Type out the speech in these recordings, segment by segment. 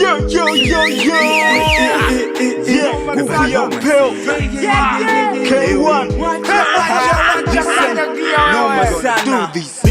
Yo, yo, yo, yo. Yeah, pill. K1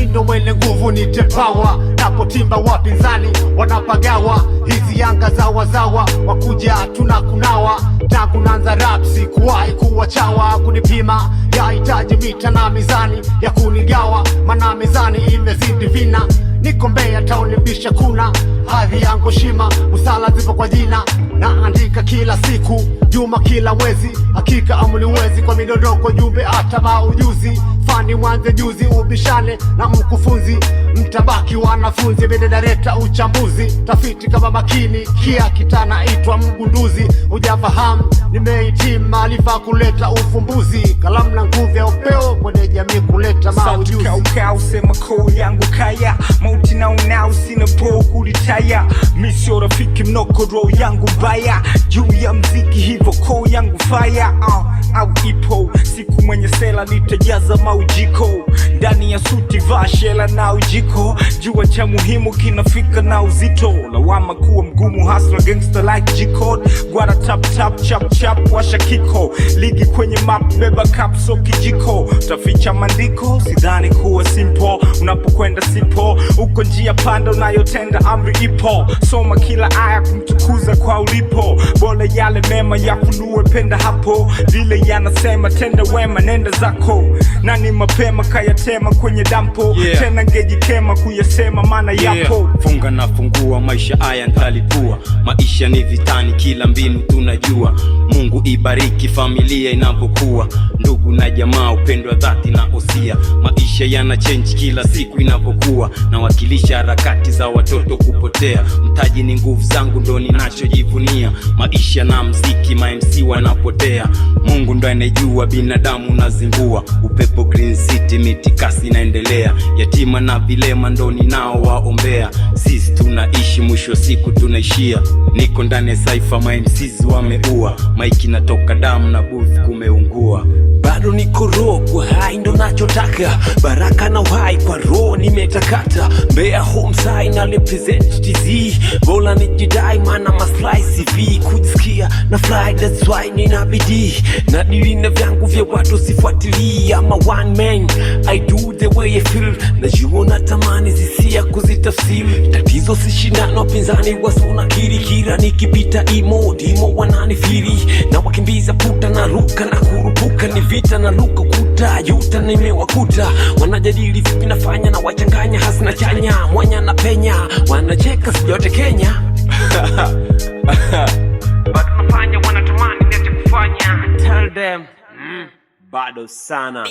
minowene nguvu nite pawa napotimba wapinzani wanapagawa hizi yanga zawazawa wakuja tuna kunawa tangu nanza rap sikuwahi kuwachawa kunipima yahitaji mita na mizani ya kunigawa mana mizani imezidi vina niko mbea taonibisha kuna hadhi yangu shima, busara zipo kwa jina, naandika kila siku, juma kila mwezi, hakika amuli amliwezi kwa midondoko, jumbe hata ujuzi fani, mwanze juzi, ubishane na mkufunzi, mtabaki wanafunzi, bededareta uchambuzi, tafiti kama makini, kia kitana itwa mgunduzi, ujafahamu nimehitimu maarifa kuleta ufumbuzi, kalamu na nguvu ya upeo kwenye jamii kuleta maujuzi, usema koo yangu kaya mauti na unao sina po kulitaya misio rafiki mnoko roho yangu mbaya juu ya mziki hivyo koo yangu faya uh, au ipo siku mwenye sela nitajaza maujiko ndani ya suti, vaa shela na ujiko, jua cha muhimu kinafika na uzito. Lawama kuwa mgumu, hasla gangster like g gwara tap tap chap chap, washa kiko, ligi kwenye map, beba kapso kijiko, taficha mandiko, sidhani kuwa simple unapokwenda simpo uko njia panda unayotenda, amri ipo, soma kila aya kumtukuza kwa ulipo, bole yale mema ya yafunue, penda hapo vile yanasema, tenda wema, nenda zako nani mapema kayate kusema kwenye dampo yeah. Tena ngejikema kuyasema maana yeah. Yapo funga na fungua maisha haya ntalipua. Maisha ni vitani, kila mbinu tunajua. Mungu ibariki familia inavyokuwa, ndugu na jamaa, upendwa dhati na osia. Maisha yana change kila siku inavyokuwa, nawakilisha harakati za watoto kupotea. Mtaji ni nguvu zangu, ndo ninachojivunia. Maisha na mziki, ma MC wanapotea. Mungu ndo anejua binadamu nazingua upepo Green City miti kasi inaendelea, yatima na vilema ndo ninao waombea. Sisi tunaishi, mwisho siku tunaishia. Niko ndani ya saifa, ma wameua, maiki natoka damu na booth kumeungua bado niko roho hai ndo nachotaka, baraka na uhai kwa roho nimetakata. Mbeya homsai na represent TZ, bora nijidai mana maslai CV kujisikia na fly, that's why nina bidii na dilina vyangu vya watu sifuatilii ama one man I do mwenye film najua natamani zisia kuzitafsiri tatizo si shindano pinzani wasona kiri kira nikipita imo dimo wananifiri na wakimbiza puta na ruka na kurupuka ni vita na luka kuta yuta nimewakuta wanajadili vipi nafanya na wachanganya hasina chanya mwanya na penya wanacheka sijote kenya but nafanya wanatamani kufanya tell them bado sana.